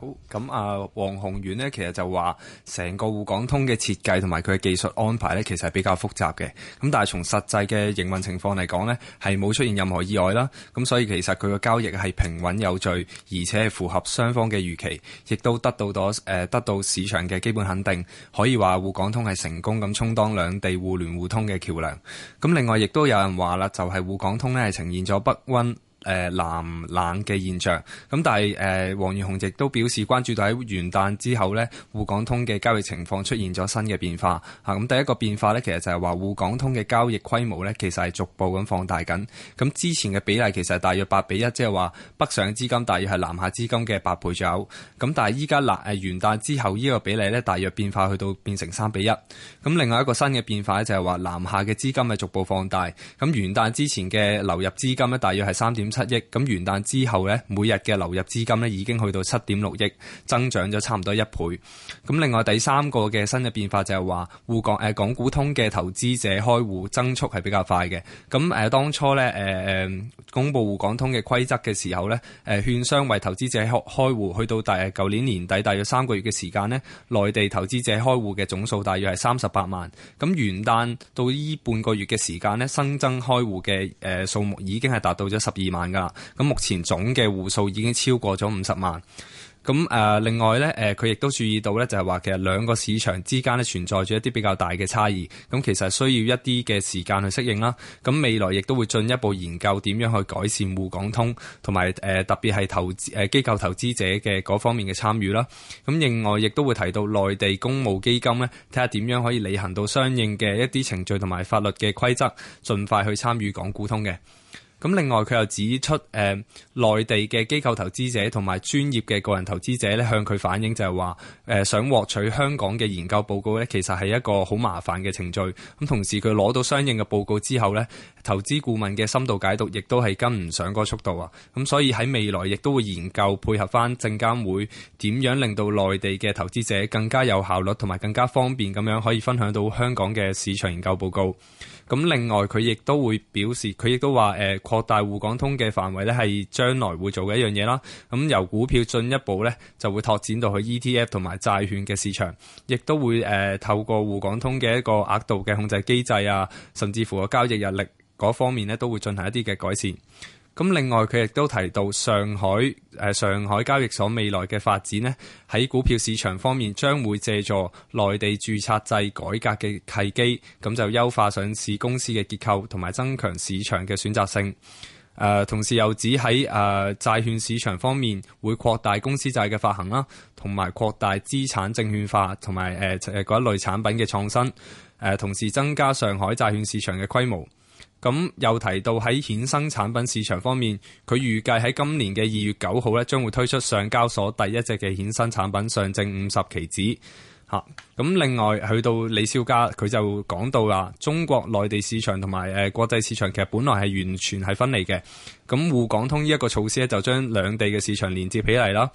好，咁啊，黃紅元呢，其實就話成個滬港通嘅設計同埋佢嘅技術安排呢，其實係比較複雜嘅。咁但係從實際嘅營運情況嚟講呢，係冇出現任何意外啦。咁所以其實佢個交易係平穩有序，而且係符合雙方嘅預期，亦都得到咗誒得到市場嘅基本肯定。可以話滬港通係成功咁充當兩地互聯互通嘅橋梁。咁另外亦都有人話啦，就係、是、滬港通呢係呈現咗不温。誒南、呃、冷嘅現象，咁但係誒黃紅元亦都表示關注到喺元旦之後呢滬港通嘅交易情況出現咗新嘅變化咁，啊、第一個變化呢，其實就係話滬港通嘅交易規模呢，其實係逐步咁放大緊。咁，啊、之前嘅比例其實係大約八比一，即係話北上資金大約係南下資金嘅八倍左右。咁，啊、但係依家南元旦之後呢個比例呢，大約變化去到變成三比一，啊。咁另外一個新嘅變化呢，就係，是、話南下嘅資金係逐步放大。咁，啊、元旦之前嘅流入資金呢，大約係三點。七億咁元旦之後呢，每日嘅流入資金呢已經去到七點六億，增長咗差唔多一倍。咁另外第三個嘅新嘅變化就係話滬港誒港股通嘅投資者開戶增速係比較快嘅。咁誒當初呢，誒誒公布滬港通嘅規則嘅時候呢，誒券商為投資者開開戶，去到大舊年年底大約三個月嘅時間呢，內地投資者開戶嘅總數大約係三十八萬。咁元旦到依半個月嘅時間呢，新增開戶嘅誒數目已經係達到咗十二萬。噶，咁目前總嘅戶數已經超過咗五十萬。咁誒，另外呢，誒佢亦都注意到呢，就係話其實兩個市場之間呢存在住一啲比較大嘅差異。咁其實需要一啲嘅時間去適應啦。咁未來亦都會進一步研究點樣去改善滬港通，同埋誒特別係投資誒機構投資者嘅嗰方面嘅參與啦。咁另外亦都會提到內地公募基金呢，睇下點樣可以履行到相應嘅一啲程序同埋法律嘅規則，盡快去參與港股通嘅。咁另外佢又指出，誒、呃、內地嘅機構投資者同埋專業嘅個人投資者咧，向佢反映就係話、呃，想獲取香港嘅研究報告咧，其實係一個好麻煩嘅程序。咁同時佢攞到相應嘅報告之後呢，投資顧問嘅深度解讀亦都係跟唔上嗰個速度啊。咁所以喺未來亦都會研究配合翻證監會，點樣令到內地嘅投資者更加有效率同埋更加方便，咁樣可以分享到香港嘅市場研究報告。咁另外佢亦都會表示，佢亦都話誒擴大滬港通嘅範圍咧，係將來會做嘅一樣嘢啦。咁、呃、由股票進一步咧，就會拓展到去 ETF 同埋債券嘅市場，亦都會誒、呃、透過滬港通嘅一個額度嘅控制機制啊，甚至乎個交易日力交易日曆嗰方面咧，都會進行一啲嘅改善。咁另外佢亦都提到上海，誒上海交易所未來嘅發展咧，喺股票市場方面將會借助內地註冊制改革嘅契機，咁就優化上市公司嘅結構同埋增強市場嘅選擇性。誒、呃，同時又指喺誒、呃、債券市場方面會擴大公司債嘅發行啦，同埋擴大資產證券化同埋誒誒嗰一類產品嘅創新。誒、呃，同時增加上海債券市場嘅規模。咁又提到喺衍生產品市場方面，佢預計喺今年嘅二月九號咧，將會推出上交所第一隻嘅衍生產品上證五十期指。吓、啊，咁另外去到李小加，佢就講到啦，中國內地市場同埋誒國際市場其實本來係完全係分離嘅。咁滬港通呢一個措施咧，就將兩地嘅市場連接起嚟啦。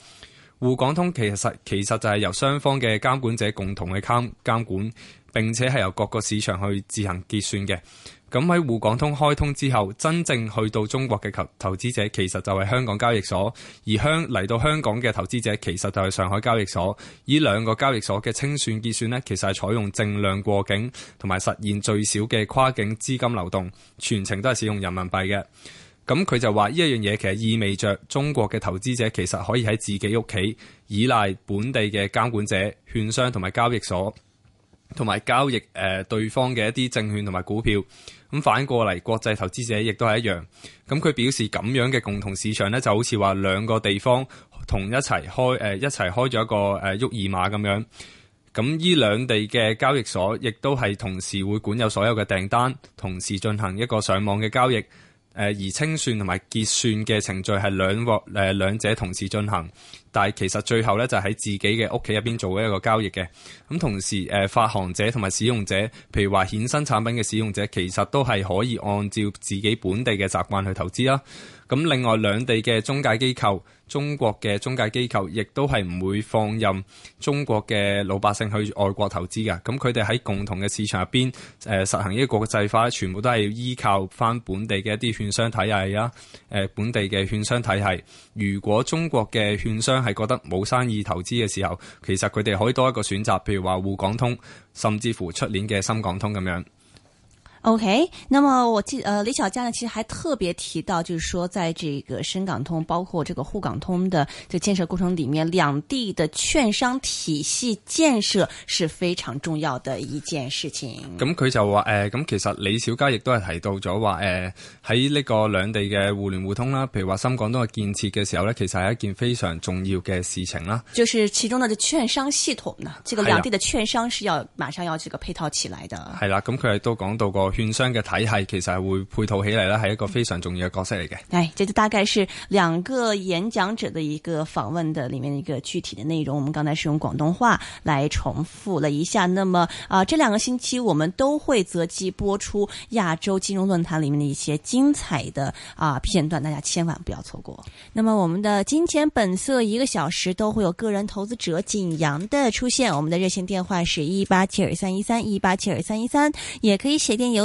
滬港通其實其實就係由雙方嘅監管者共同去監監管，並且係由各個市場去自行結算嘅。咁喺滬港通開通之後，真正去到中國嘅投資者其實就係香港交易所，而香嚟到香港嘅投資者其實就係上海交易所。以兩個交易所嘅清算結算咧，其實係採用淨量過境，同埋實現最少嘅跨境資金流動，全程都係使用人民幣嘅。咁佢就話呢一樣嘢其實意味着中國嘅投資者其實可以喺自己屋企依賴本地嘅監管者、券商同埋交易所。同埋交易誒對方嘅一啲證券同埋股票，咁反過嚟國際投資者亦都係一樣。咁佢表示咁樣嘅共同市場呢，就好似話兩個地方同一齊開誒一齊開咗一個誒沃爾瑪咁樣。咁呢兩地嘅交易所亦都係同時會管有所有嘅訂單，同時進行一個上網嘅交易。誒而清算同埋結算嘅程序係兩誒兩者同時進行，但係其實最後咧就喺自己嘅屋企入邊做一個交易嘅。咁同時誒發行者同埋使用者，譬如話衍生產品嘅使用者，其實都係可以按照自己本地嘅習慣去投資啦。咁另外兩地嘅中介機構，中國嘅中介機構亦都係唔會放任中國嘅老百姓去外國投資㗎。咁佢哋喺共同嘅市場入邊、呃，實行呢個國際化，全部都係依靠翻本地嘅一啲券商體系啊、呃，本地嘅券商體系。如果中國嘅券商係覺得冇生意投資嘅時候，其實佢哋可以多一個選擇，譬如話滬港通，甚至乎出年嘅深港通咁樣。OK，那麼我記，呃，李小加呢，其實還特別提到，就是說，在這個深港通包括這個滬港通的，這建設過程裏面，兩地的券商體系建設是非常重要的一件事情。咁佢、嗯、就話，誒、呃，咁其實李小加亦都係提到咗話，誒、呃，喺呢個兩地嘅互聯互通啦，譬如話深港通嘅建設嘅時候呢，其實係一件非常重要嘅事情啦。就是其中的券商系統呢，這個兩地的券商是要馬上要這個配套起來的。係啦、啊，咁佢係都講到過。券商嘅體係其實係會配套起嚟啦，係一個非常重要嘅角色嚟嘅。哎，這就大概是兩個演講者的一個訪問的裏面一個具體的內容。我們剛才是用廣東話來重複了一下。那麼啊、呃，這兩個星期我們都會擇機播出亞洲金融論壇裏面的一些精彩的啊、呃、片段，大家千萬不要錯過。那麼我們的金錢本色一個小時都會有個人投資者景陽的出現。我們的熱線電話是一八七二三一三，一八七二三一三，也可以寫電郵。